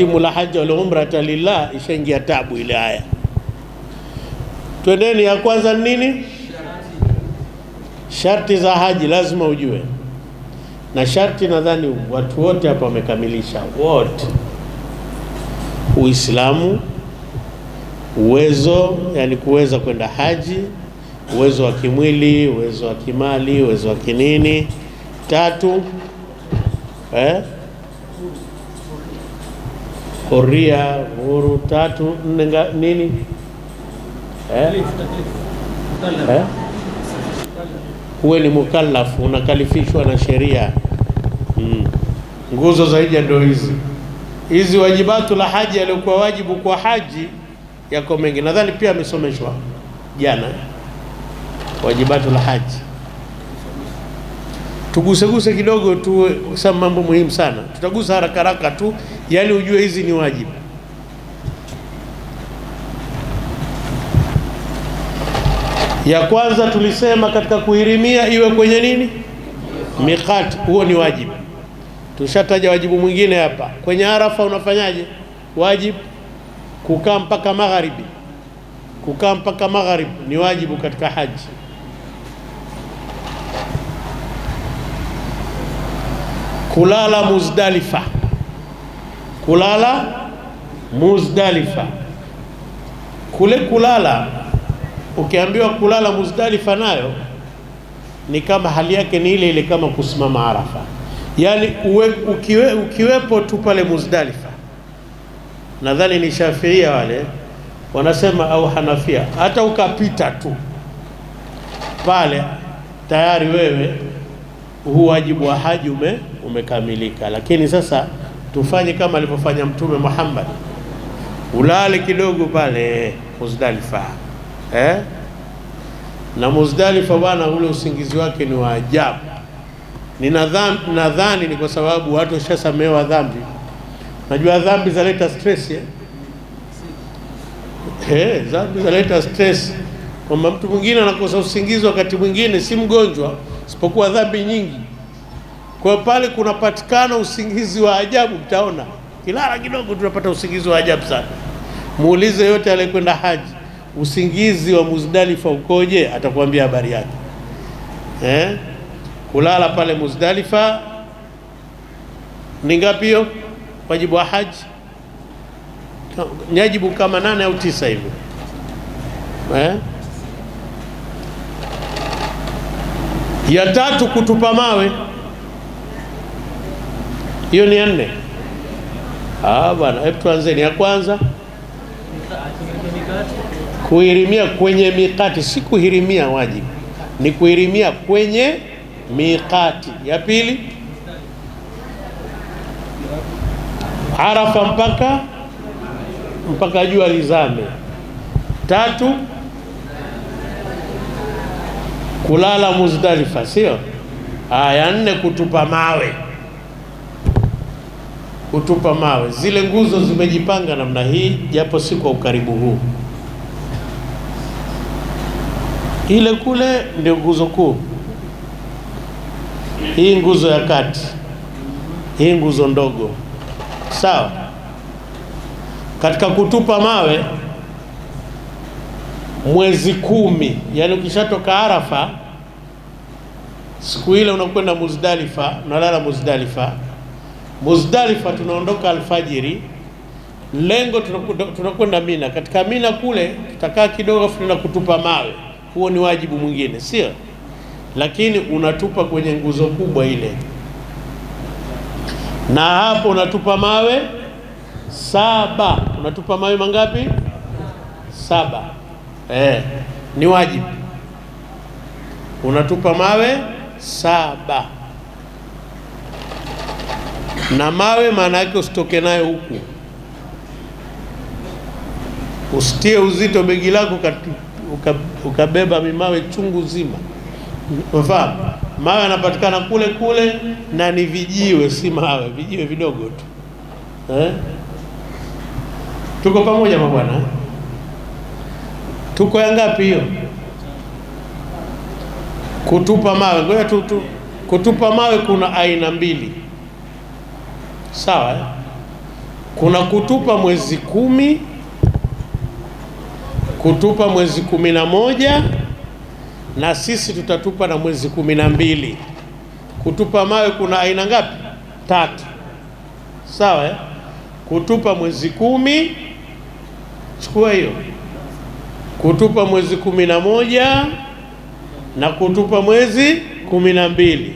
khatimu la haja wal umrata lillah, ishaingia tabu ile aya. Twendeni, ya kwanza ni nini? Sharti za haji lazima ujue, na sharti nadhani watu wote hapa wamekamilisha wote: Uislamu, uwezo, yani kuweza kwenda haji, uwezo wa kimwili, uwezo wa kimali, uwezo wa kinini. Tatu eh? Huria huru tatu nne nini eh? Eh? Uwe ni mukallafu unakalifishwa na sheria mm. Nguzo za hija ndio hizi hizi, wajibatu la haji yaliyokuwa wajibu kwa haji yako mengi, nadhani pia amesomeshwa jana wajibatu la haji. Tuguseguse kidogo tu, mambo muhimu sana, tutagusa haraka haraka tu yani ujue hizi ni wajibu. Ya kwanza tulisema katika kuhirimia iwe kwenye nini, miqati, huo ni wajibu. Tushataja wajibu mwingine hapa kwenye Arafa. Unafanyaje? Wajibu kukaa mpaka magharibi, kukaa mpaka magharibi ni wajibu katika haji. Kulala Muzdalifa kulala Muzdalifa. Kule kulala ukiambiwa kulala Muzdalifa, nayo ni kama hali yake ni ile ile kama kusimama Arafa, yaani uwe, ukiwe, ukiwepo tu pale Muzdalifa, nadhani ni Shafiia wale wanasema au Hanafia, hata ukapita tu pale tayari wewe huu wajibu wa haji ume, umekamilika. Lakini sasa tufanye kama alivyofanya Mtume Muhammad, ulale kidogo pale Muzdalifa eh? na Muzdalifa bwana, ule usingizi wake ni wa ajabu. Ni nadhani ni kwa sababu watu washasamehewa dhambi. Najua dhambi zaleta stress eh? Eh, dhambi zaleta stress kwamba mtu mwingine anakosa usingizi wakati mwingine si mgonjwa, isipokuwa dhambi nyingi kwa pale kunapatikana usingizi wa ajabu, mtaona kilala kidogo tunapata usingizi wa ajabu sana. Muulize yote aliyekwenda haji, usingizi wa Muzdalifa ukoje? Atakwambia habari yake eh? Kulala pale Muzdalifa ni ngapi? Hiyo wajibu wa haji nyajibu kama nane au tisa hivyo eh? Ya tatu kutupa mawe hiyo ni ya nne. Ah bwana, hebu ni ya kwanza, kuhirimia kwenye mikati si kuhirimia wajibu, ni kuhirimia kwenye mikati Ya pili, Arafa mpaka mpaka jua lizame. Tatu, kulala Muzdalifa, sio? Aya ah, nne, kutupa mawe kutupa mawe. Zile nguzo zimejipanga namna hii, japo si kwa ukaribu huu. Ile kule ndio nguzo kuu, hii nguzo ya kati, hii nguzo ndogo. Sawa, katika kutupa mawe mwezi kumi, yaani ukishatoka Arafa siku ile unakwenda Muzdalifa, unalala Muzdalifa Muzdalifa tunaondoka alfajiri, lengo tunakwenda Mina. Katika Mina kule tutakaa kidogo, tunaenda kutupa mawe. Huo ni wajibu mwingine, sio lakini unatupa kwenye nguzo kubwa ile, na hapo unatupa mawe saba. Unatupa mawe mangapi? Saba. Eh, ni wajibu, unatupa mawe saba na mawe, maana yake usitoke nayo huku, usitie uzito begi lako ukabeba uka mimawe chungu zima. mfano mawe yanapatikana kule kule na ni vijiwe, si mawe, vijiwe vidogo tu eh? Tuko pamoja mabwana, eh? tuko ya ngapi hiyo? Kutupa mawe, ngoja tu kutupa mawe kuna aina mbili sawa. Eh? Kuna kutupa mwezi kumi, kutupa mwezi kumi na moja na sisi tutatupa na mwezi kumi na mbili. Kutupa mawe kuna aina ngapi? Tatu, sawa. Eh? Kutupa mwezi kumi, chukua hiyo, kutupa mwezi kumi na moja na kutupa mwezi kumi na mbili.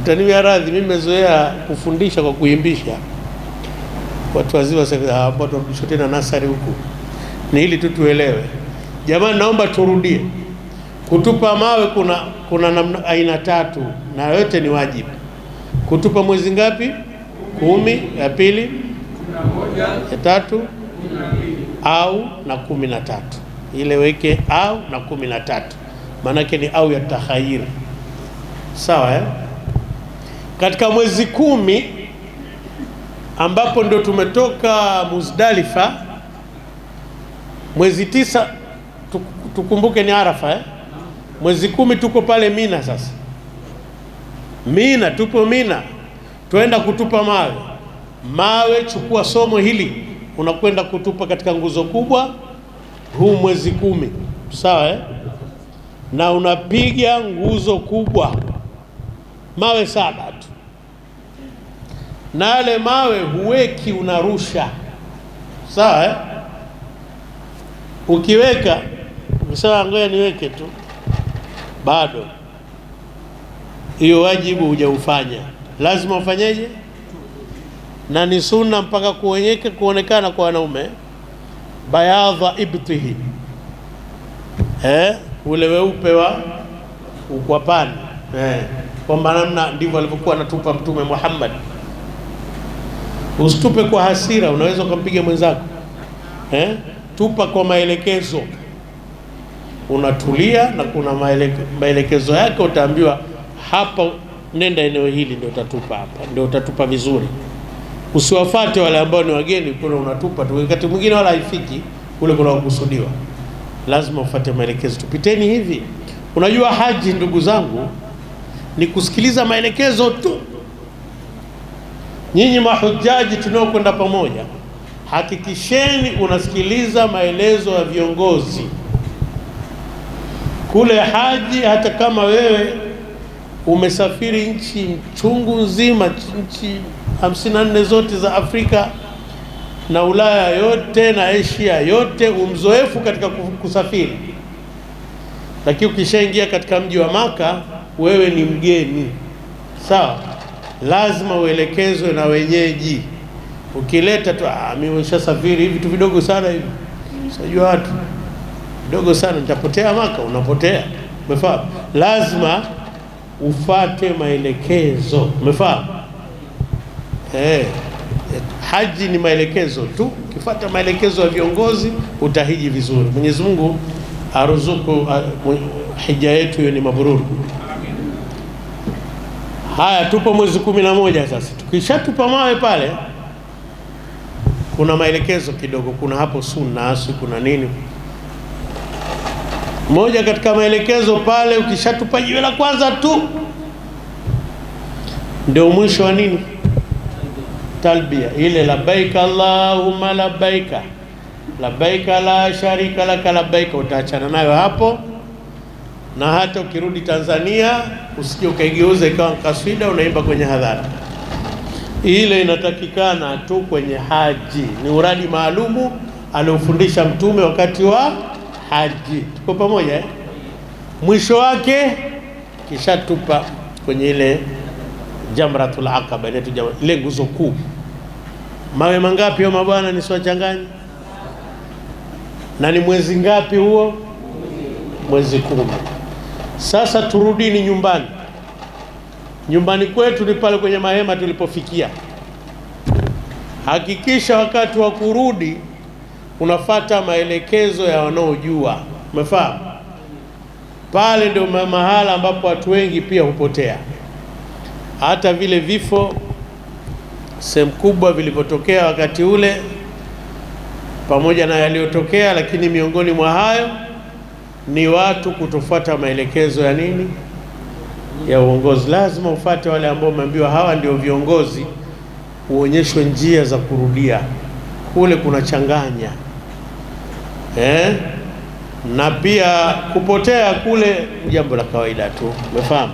Mtaniwia radhi, mimi mezoea kufundisha kwa kuimbisha watu wazima, ambao ah, tunarudishwa tena nasari huku. Ni hili tu tuelewe, jamani. Naomba turudie, kutupa mawe kuna kuna namna aina tatu, na yote ni wajibu. Kutupa mwezi ngapi? Kumi, ya pili, ya tatu au na kumi na tatu. Ile weke au na kumi na tatu, maanake ni au ya tahayiri. Sawa eh? katika mwezi kumi ambapo ndo tumetoka Muzdalifa mwezi tisa tukumbuke ni Arafa eh? Mwezi kumi tuko pale Mina. Sasa Mina, tupo Mina, twenda kutupa mawe. Mawe chukua somo hili, unakwenda kutupa katika nguzo kubwa huu mwezi kumi, sawa eh? na unapiga nguzo kubwa mawe saba tu, na yale mawe huweki, unarusha sawa eh? Ukiweka ukisema ngoja niweke tu, bado hiyo wajibu hujaufanya. Lazima ufanyeje? Na ni sunna mpaka kuonyeke kuonekana kwa wanaume bayadha ibtihi eh? ule weupe wa ukwapani eh kwamba namna ndivyo alivyokuwa anatupa Mtume Muhammad. Usitupe kwa hasira, unaweza ukampiga mwenzako eh? Tupa kwa maelekezo, unatulia na kuna maeleke, maelekezo yake utaambiwa hapa, nenda eneo hili, ndio utatupa hapa, ndio utatupa vizuri. Usiwafate wale ambao ni wageni kule, unatupa tu, wakati mwingine wala haifiki kule kunakusudiwa. Lazima ufuate maelekezo, tupiteni hivi. Unajua haji, ndugu zangu ni kusikiliza maelekezo tu. Nyinyi mahujaji tunaokwenda pamoja, hakikisheni unasikiliza maelezo ya viongozi kule haji. Hata kama wewe umesafiri nchi chungu nzima, nchi 54 zote za Afrika na Ulaya yote na Asia yote, umzoefu katika kusafiri, lakini ukishaingia katika mji wa Maka wewe ni mgeni sawa, lazima uelekezwe na wenyeji. Ukileta tu ah, mimi nimeshasafiri hivi vitu vidogo sana hivi, unajua watu vidogo sana, nitapotea Maka, unapotea. Umefahamu? Lazima ufate maelekezo. Umefahamu? Eh, haji ni maelekezo tu, ukifuata maelekezo ya viongozi utahiji vizuri. Mwenyezi Mungu aruzuku ah, hija yetu hiyo ni mabururu. Haya, tupo mwezi kumi na moja sasa. Tukishatupa mawe pale, kuna maelekezo kidogo, kuna hapo sunna asu, kuna nini. Moja katika maelekezo pale, ukishatupa jiwe la kwanza tu ndio mwisho wa nini, talbia ile, labaika allahumma labaika labaika la sharika laka labaika, utaachana nayo hapo na hata ukirudi Tanzania usije ukaigeuza ikawa kaswida unaimba kwenye hadhara. Ile inatakikana tu kwenye haji, ni uradi maalumu aliofundisha Mtume wakati wa haji. Tuko pamoja eh? Mwisho wake kishatupa kwenye ile jamratul aqaba, ile nguzo kuu. Mawe mangapi hayo mabwana, nisiwachanganye? Na ni mwezi ngapi huo? Mwezi kumi. Sasa turudini nyumbani. Nyumbani kwetu ni pale kwenye mahema tulipofikia. Hakikisha wakati wa kurudi unafata maelekezo ya wanaojua, umefahamu? Pale ndio mahala ambapo watu wengi pia hupotea, hata vile vifo sehemu kubwa vilivyotokea wakati ule, pamoja na yaliyotokea, lakini miongoni mwa hayo ni watu kutofuata maelekezo ya nini, ya uongozi. Lazima ufate wale ambao umeambiwa hawa ndio viongozi, uonyeshwe njia za kurudia kule, changanya eh? na pia kupotea kule jambo la kawaida tu, umefahamu?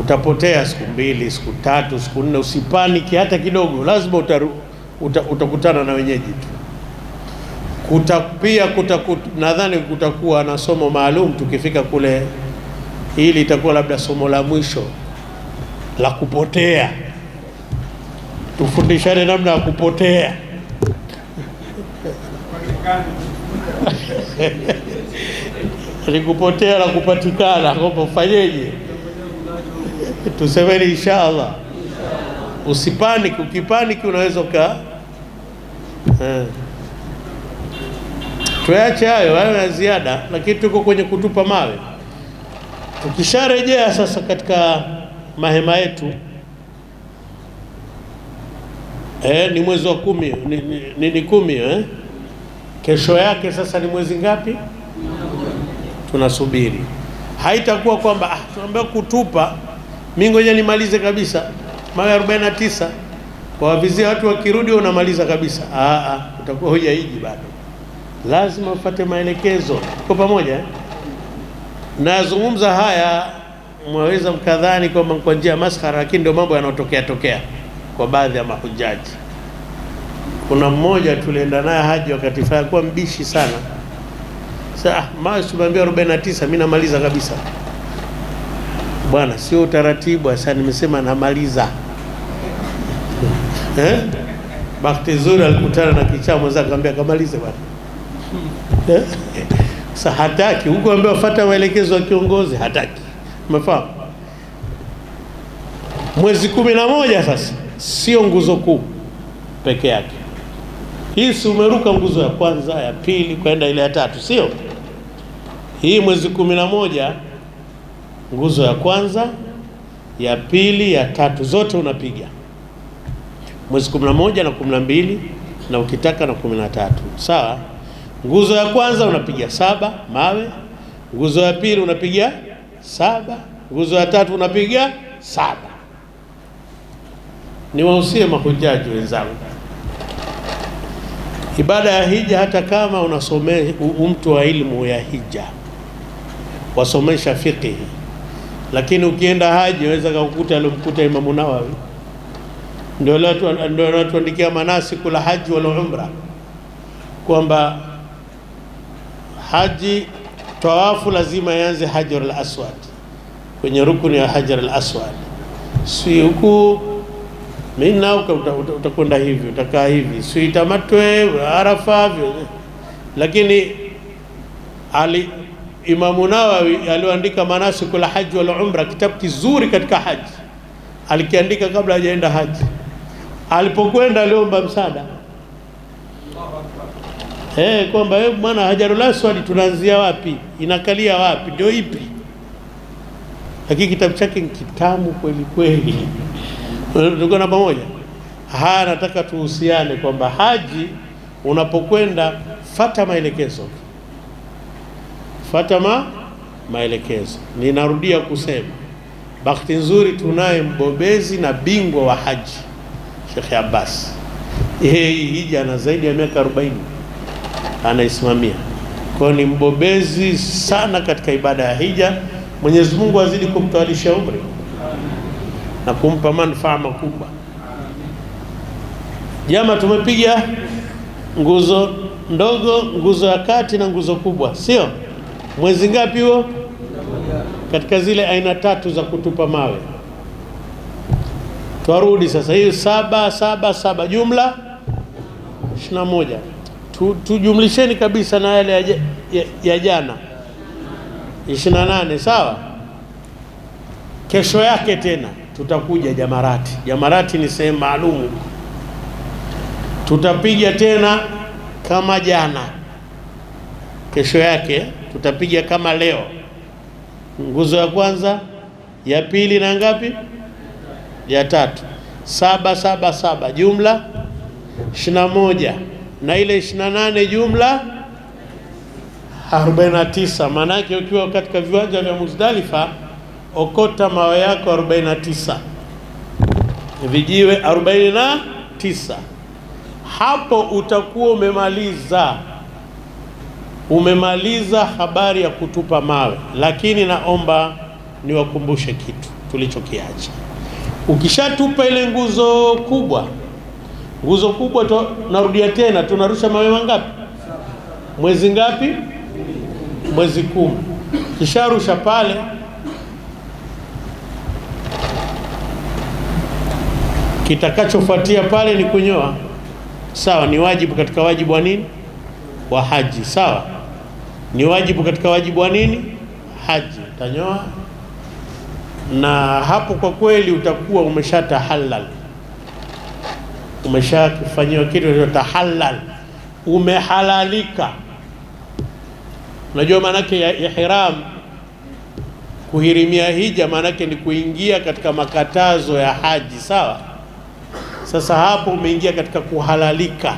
Utapotea siku mbili, siku tatu, siku nne, usipaniki hata kidogo, lazima utaru, uta, utakutana na wenyeji tu kuta, pia kuta, nadhani kutakuwa na somo maalum tukifika kule. Hili itakuwa labda somo la mwisho la kupotea, tufundishane namna ya kupotea ni kupotea la kupatikana, kwamba fanyeje? Tusemeni inshallah Usipaniki, ukipaniki unaweza uka eh tuache hayo hayo na ziada, lakini tuko kwenye kutupa mawe. Tukisharejea sasa katika mahema yetu eh, ni mwezi wa kumi, ni, ni, ni kumi eh? Kesho yake sasa ni mwezi ngapi? Tunasubiri, haitakuwa kwamba ah, tunaambiwa kutupa. Mimi ngoja nimalize kabisa mawe 49 kwa wavizia watu wakirudi, unamaliza kabisa. Ah, ah, utakuwa hujaiji bado lazima ufate maelekezo. Kwa pamoja eh? nazungumza haya, mwaweza mkadhani kwamba kwa njia ya maskhara, lakini ndio mambo yanayotokea tokea kwa baadhi ya mahujaji. Kuna mmoja tulienda naye haji wakati fulani, kuwa mbishi sana. Sasa maasuambia 49 mimi namaliza kabisa bwana, sio utaratibu. Sasa nimesema namaliza eh? Bahati nzuri alikutana na kichaa mwenzake akamwambia kamalize bwana Sa hataki huko ambaye wafuata maelekezo ya kiongozi hataki, umefahamu? Mwezi kumi na moja sasa sio nguzo kuu peke yake, hii si umeruka nguzo ya kwanza ya pili kwenda ile ya tatu, sio hii. Mwezi kumi na moja nguzo ya kwanza ya pili ya tatu zote unapiga mwezi kumi na moja na kumi na mbili na ukitaka na kumi na tatu sawa. Nguzo ya kwanza unapiga saba mawe, nguzo ya pili unapiga saba, nguzo ya tatu unapiga saba. Niwahusie mahujaji wenzangu, ibada ya hija, hata kama unasomea mtu wa ilmu ya hija wasomesha fikihi lakini ukienda haji unaweza kukuta aliyomkuta Imamu Nawawi ndio anatuandikia manasi kula haji wala umra kwamba haji tawafu lazima yanze Hajar al-Aswad kwenye rukuni ya Hajar al-Aswad, si huku Mina utakwenda hivi, utakaa hivi, si tamatwe Arafa. vyo Lakini ali Imamu Nawawi alioandika manasiku la haji wal umra, kitabu kizuri katika haji, alikiandika kabla hajaenda haji. Alipokwenda aliomba msaada eh, kwamba wewe eh, mwana Hajarul Aswad tunaanzia wapi, inakalia wapi, ndio ipi? Lakini kitabu chake ni kitamu kweli kweli. Tuko na pamoja haya, nataka tuhusiane kwamba haji unapokwenda, fata maelekezo, fata ma maelekezo. Ninarudia kusema bahati nzuri tunaye mbobezi na bingwa wa haji Sheikh Abbas. Yeye hija ana zaidi ya miaka 40 anaisimamia. Kwa hiyo ni mbobezi sana katika ibada ya hija. Mwenyezi Mungu azidi kumtawalisha umri na kumpa manufaa makubwa. Jama, tumepiga nguzo ndogo, nguzo ya kati na nguzo kubwa, sio? Mwezi ngapi huo? Katika zile aina tatu za kutupa mawe. Twarudi sasa hiyo saba saba saba, jumla ishirini na moja tu, tujumlisheni kabisa na yale ya, ya, ya jana 28 sawa. Kesho yake tena tutakuja Jamarati. Jamarati ni sehemu maalumu, tutapiga tena kama jana. Kesho yake tutapiga kama leo, nguzo ya kwanza, ya pili na ngapi, ya tatu, saba saba saba, jumla ishirini na moja na ile 28 jumla 49. Maanake ukiwa katika viwanja vya Muzdalifa okota mawe yako 49, vijiwe 49. Hapo utakuwa umemaliza umemaliza habari ya kutupa mawe, lakini naomba niwakumbushe kitu tulichokiacha. Ukishatupa ile nguzo kubwa Nguzo kubwa to, narudia tena, tunarusha mawe mangapi? Mwezi ngapi? Mwezi kumi. Kisharusha pale, kitakachofuatia pale ni kunyoa. Sawa, ni wajibu katika wajibu wa nini? Wa haji. Sawa, ni wajibu katika wajibu wa nini? Haji. Utanyoa na hapo, kwa kweli utakuwa umeshatahallal umeshafanyiwa kitu tahallal, umehalalika. Unajua maanake ya ihram, kuhirimia hija, maanake ni kuingia katika makatazo ya haji, sawa? Sasa hapo umeingia katika kuhalalika.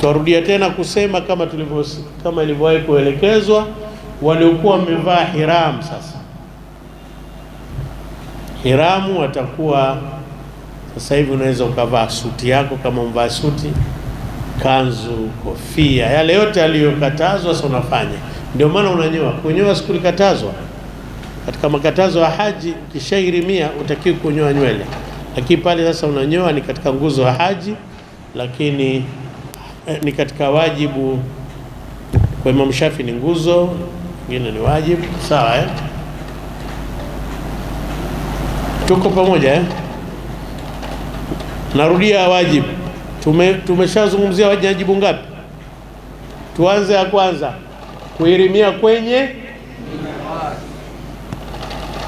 Twarudia tena kusema kama tulivyo, kama ilivyowahi kuelekezwa, waliokuwa wamevaa hiram sasa hiramu watakuwa sasa hivi unaweza ukavaa suti yako kama umvaa suti, kanzu, kofia, yale yote aliyokatazwa sasa unafanya. Ndio maana unanyoa. Kunyoa sikulikatazwa katika makatazo ya haji, ukishairimia utakiwa kunyoa nywele, lakini pale sasa unanyoa ni katika nguzo ya haji, lakini eh, ni katika wajibu kwa Imam Shafi ni nguzo, ingine ni wajibu. Sawa eh? Tuko pamoja eh? Narudia wajibu, tume tumeshazungumzia wajibu ngapi? Tuanze ya kwanza, kuirimia kwenye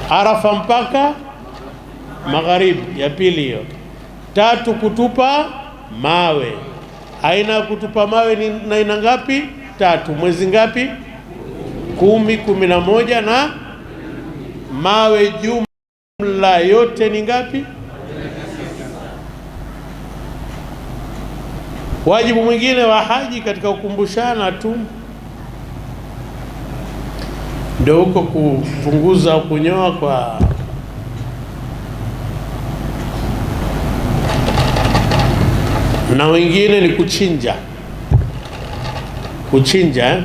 Arafa mpaka magharibi, ya pili hiyo. Tatu, kutupa mawe. Aina ya kutupa mawe ni na aina ngapi? Tatu. Mwezi ngapi? Kumi, kumi na moja. Na mawe jumla yote ni ngapi? Wajibu mwingine wa haji katika kukumbushana tu ndio huko kupunguza kunyoa kwa na wengine ni kuchinja, kuchinja eh?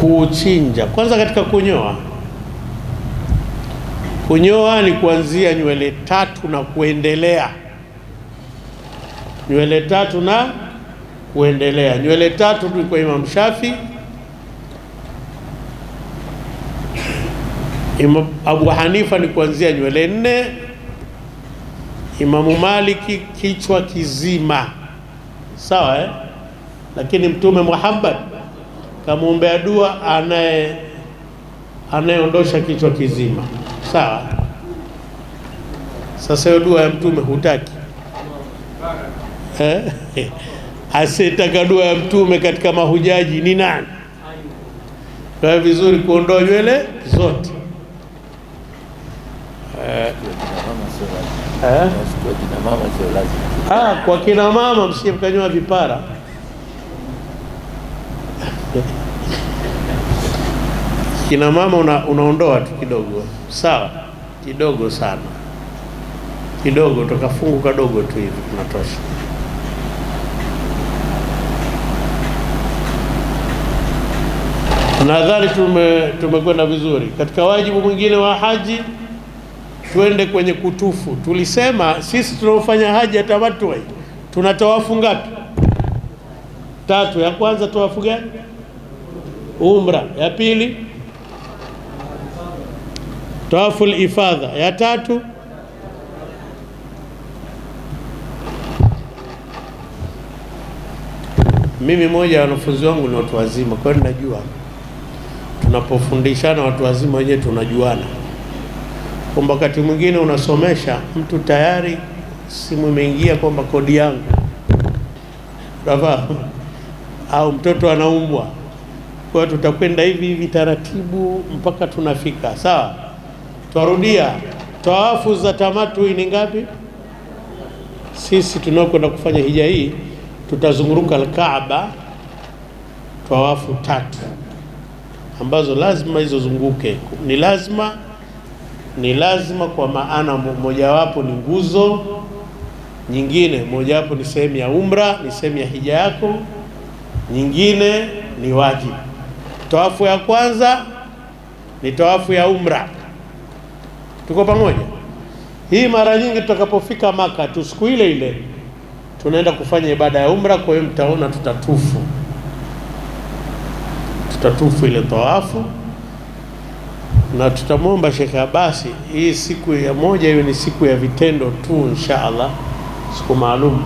Kuchinja kwanza katika kunyoa Kunyoa ni kuanzia nywele tatu na kuendelea, nywele tatu na kuendelea. Nywele tatu ni kwa Imam Shafi, Imam Abu Hanifa ni kuanzia nywele nne, Imamu Maliki kichwa kizima, sawa eh? Lakini Mtume Muhammad kamwombea dua anaye anayeondosha kichwa kizima sawa. Sasa hiyo dua ya mtume hutaki eh? Asiyetaka dua ya mtume katika mahujaji ni nani? Kwa vizuri kuondoa nywele zote eh. Eh? Ah, kwa kina mama msiekanyoa vipara kina mama una, unaondoa tu kidogo, sawa kidogo sana, kidogo tukafungu kadogo tu hivi tunatosha Nadhani tume tumekwenda vizuri. Katika wajibu mwingine wa haji, twende kwenye kutufu. Tulisema sisi tunaofanya haji ya tamattu tuna tawafu ngapi? Tatu. Ya kwanza tawafu gani? Umra. Ya pili tawafu ifadha ya tatu mimi moja ya wanafunzi wangu ni watu wazima, kwa hiyo najua tunapofundishana watu wazima wenyewe tunajuana, kwamba wakati mwingine unasomesha mtu tayari simu imeingia kwamba kodi yangu rafa au mtoto anaumbwa. Kwa hiyo tutakwenda hivi hivi taratibu mpaka tunafika sawa. Twarudia, tawafu za tamatui ni ngapi? Sisi tunaokwenda kufanya hija hii tutazunguruka Alkaaba tawafu tatu ambazo lazima hizo zunguke. Ni lazima, ni lazima kwa maana mojawapo ni nguzo, nyingine mojawapo ni sehemu ya umra, ni sehemu ya hija yako, nyingine ni wajibu. Tawafu ya kwanza ni tawafu ya umra. Tuko pamoja? Hii mara nyingi tutakapofika Maka tu siku ile ile tunaenda kufanya ibada ya umra. Kwa hiyo mtaona tutatufu, tutatufu ile tawafu na tutamwomba Sheikh Abasi, hii siku ya moja hiyo ni siku ya vitendo tu, insha Allah, siku maalum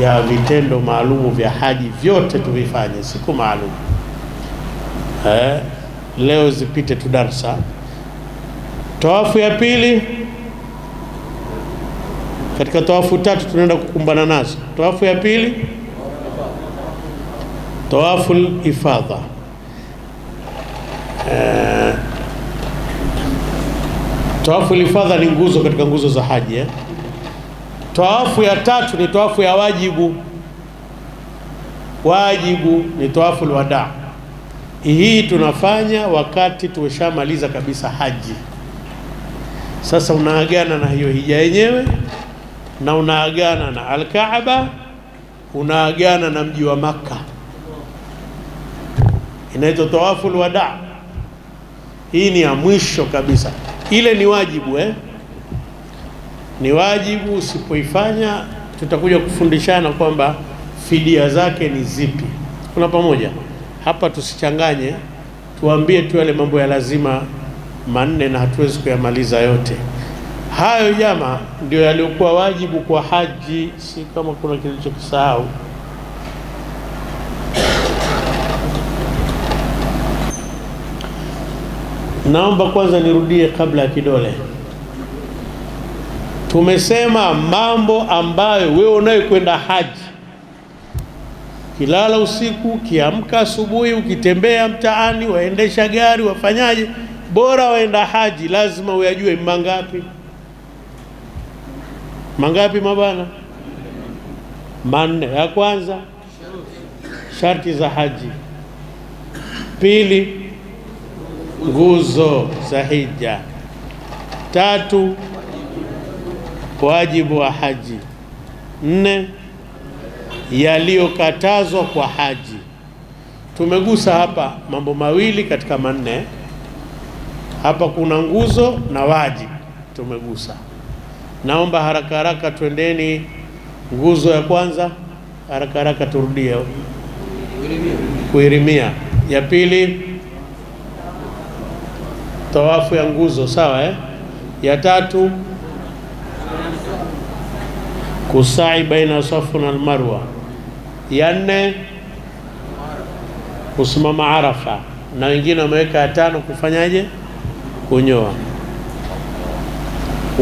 ya vitendo maalumu vya haji, vyote tuvifanye siku maalum eh. Leo zipite tu darsa Tawafu ya pili katika tawafu tatu tunaenda kukumbana nazo. Tawafu ya pili, tawafu ifadha. eh, tawafu ifadha ni nguzo katika nguzo za haji eh? Tawafu ya tatu ni tawafu ya wajibu. Wajibu ni tawafu alwada. Hii tunafanya wakati tumeshamaliza kabisa haji sasa unaagana na hiyo hija yenyewe na unaagana na Alkaaba, unaagana na mji wa Makka, inaitwa tawaful wada. Hii ni ya mwisho kabisa, ile ni wajibu eh? Ni wajibu, usipoifanya tutakuja kufundishana kwamba fidia zake ni zipi. Kuna pamoja hapa, tusichanganye, tuambie tu yale mambo ya lazima manne na hatuwezi kuyamaliza yote hayo. Jama, ndio yaliyokuwa wajibu kwa haji. Si kama kuna kilichokisahau. Naomba kwanza nirudie kabla ya kidole. Tumesema mambo ambayo wewe unayekwenda haji, kilala usiku, kiamka asubuhi, ukitembea mtaani, waendesha gari, wafanyaje bora waenda haji lazima uyajue mangapi mangapi mabana manne. Ya kwanza sharti za haji, pili nguzo za hija, tatu wajibu wa haji, nne yaliyokatazwa kwa haji. Tumegusa hapa mambo mawili katika manne. Hapa kuna nguzo na wajibu tumegusa. Naomba haraka haraka twendeni nguzo ya kwanza, haraka haraka turudie kuirimia. Ya pili tawafu ya nguzo, sawa eh? Ya tatu kusai baina safu na Marwa. Ya nne kusimama Arafa, na wengine wameweka ya tano kufanyaje? kunyoa,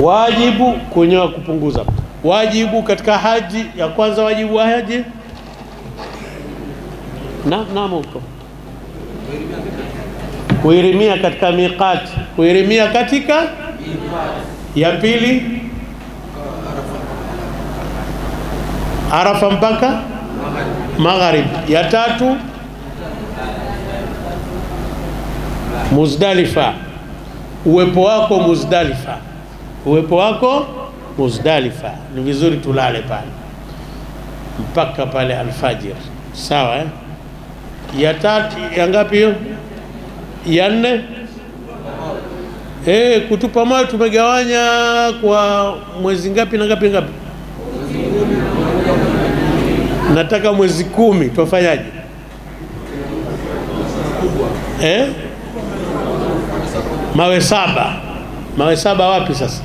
wajibu kunyoa, kupunguza wajibu katika haji ya kwanza, wajibu wa haji na na kuirimia katika miqati, kuirimia katika ya pili Arafa mpaka magharibi, ya tatu Muzdalifa uwepo wako Muzdalifa, uwepo wako Muzdalifa, ni vizuri tulale pale mpaka pale alfajir sawa eh? ya tatu ya ngapi hiyo? ya nne eh, kutupa mayo tumegawanya kwa mwezi ngapi na ngapi ngapi? Nataka mwezi kumi twafanyaje eh? mawe saba. Mawe saba wapi sasa?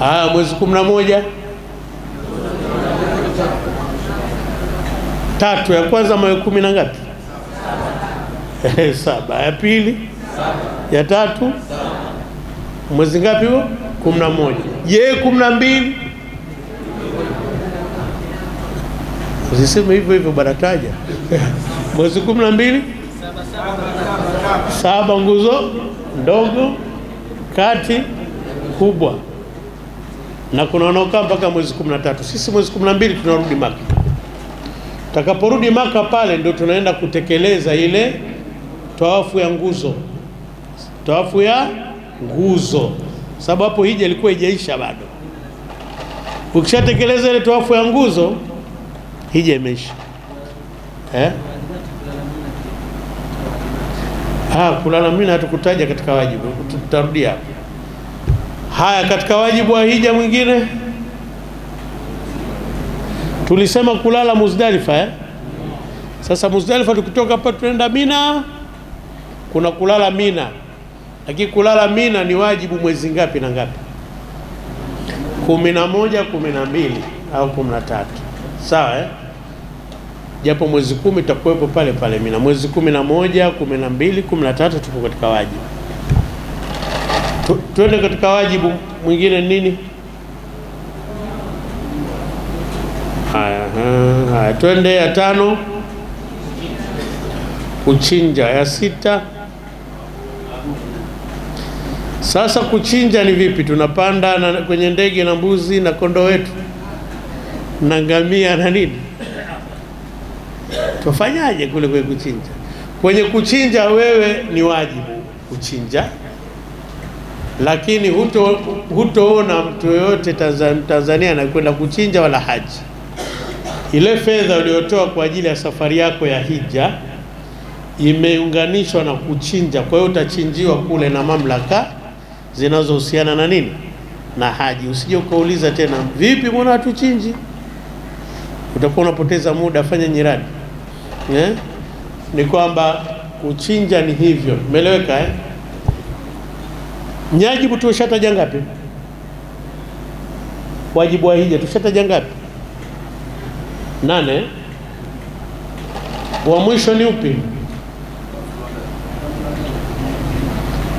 Ah, mwezi kumi na moja tatu ya kwanza mawe kumi na ngapi? Eh, saba. Ya pili ya tatu mwezi ngapi huo? kumi na moja. Je, kumi na mbili usiseme hivyo hivyo, barataja mwezi kumi na mbili saba nguzo ndogo, kati, kubwa na kunaondoka mpaka mwezi 13. Sisi mwezi 12 tunarudi Maka. takaporudi Maka pale ndio tunaenda kutekeleza ile tawafu ya nguzo, tawafu ya nguzo, sababu hapo hija ilikuwa haijaisha bado. Ukishatekeleza ile tawafu ya nguzo, hija imeisha eh? Ha, kulala mina hatukutaja katika wajibu, tutarudia hapo. Haya, katika wajibu wa hija mwingine tulisema kulala Muzdalifa eh? Sasa Muzdalifa tukitoka hapa tunaenda Mina, kuna kulala Mina, lakini kulala Mina ni wajibu mwezi ngapi na ngapi? kumi na moja, kumi na mbili au kumi na tatu, sawa eh? japo mwezi kumi tutakuwepo pale pale Mina, mwezi kumi na moja, kumi na mbili, kumi na tatu tupo katika wajibu. Tuende katika wajibu mwingine nini? Haya, twende ya tano, kuchinja. Ya sita, sasa kuchinja ni vipi? Tunapanda na, kwenye ndege na mbuzi na kondoo wetu na ngamia na nini tofanyaje kule kwenye kuchinja? Kwenye kuchinja wewe ni wajibu kuchinja, lakini huto hutoona mtu yoyote Tanzania anakwenda kuchinja wala haji. Ile fedha uliyotoa kwa ajili ya safari yako ya hija imeunganishwa na kuchinja. Kwa hiyo utachinjiwa kule na mamlaka zinazohusiana na nini na haji. Usije ukauliza tena, vipi mbona hatuchinji? Utakuwa unapoteza muda. Fanya nyiradi eh? Ni kwamba kuchinja ni hivyo, umeeleweka eh? Nyajibu tushataja ngapi? Wajibu wa hija tushataja ngapi? Nane. Wa mwisho ni upi?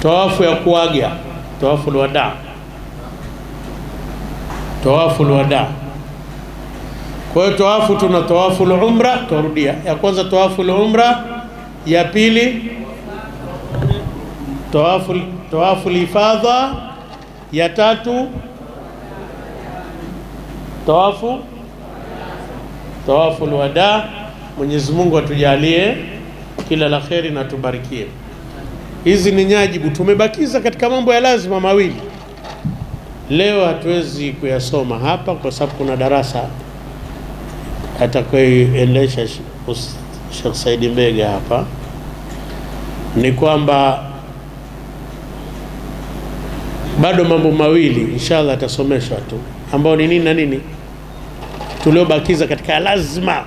Tawafu ya kuaga, tawafu alwada, tawafu alwada kwa hiyo tawafu, tuna tawafu lumra, tuarudia ya kwanza tawafu lumra, ya pili tawafu tawafu lifadha, ya tatu tawafu tawafu lwada. Mwenyezi Mungu atujalie kila la kheri na tubarikie. Hizi ni nyajibu, tumebakiza katika mambo ya lazima mawili. Leo hatuwezi kuyasoma hapa kwa sababu kuna darasa atakayoelesha Sheikh Said Mbega hapa ni kwamba bado mambo mawili inshallah atasomeshwa tu, ambao ni nini na nini tuliobakiza katika lazima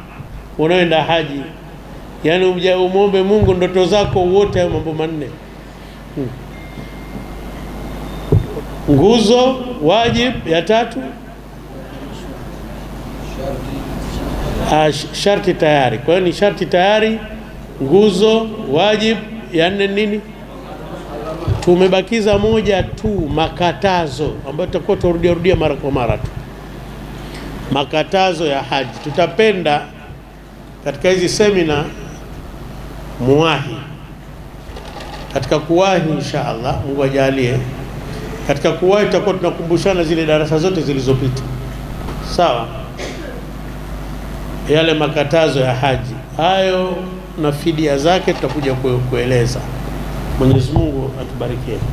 unaoenda haji, yaani umwombe Mungu ndoto zako wote, hayo mambo manne hmm. nguzo, wajib ya tatu Ah, sharti tayari. Kwa hiyo ni sharti tayari, nguzo, wajibu. Ya nne nini? Tumebakiza moja tu, makatazo ambayo tutakuwa turudia rudia mara kwa mara tu, makatazo ya haji. Tutapenda katika hizi semina muwahi katika kuwahi, insha Allah, Mungu ajalie. Katika kuwahi tutakuwa tunakumbushana zile darasa zote zilizopita, sawa yale makatazo ya haji hayo na fidia zake tutakuja kueleza. Mwenyezi Mungu atubarikie.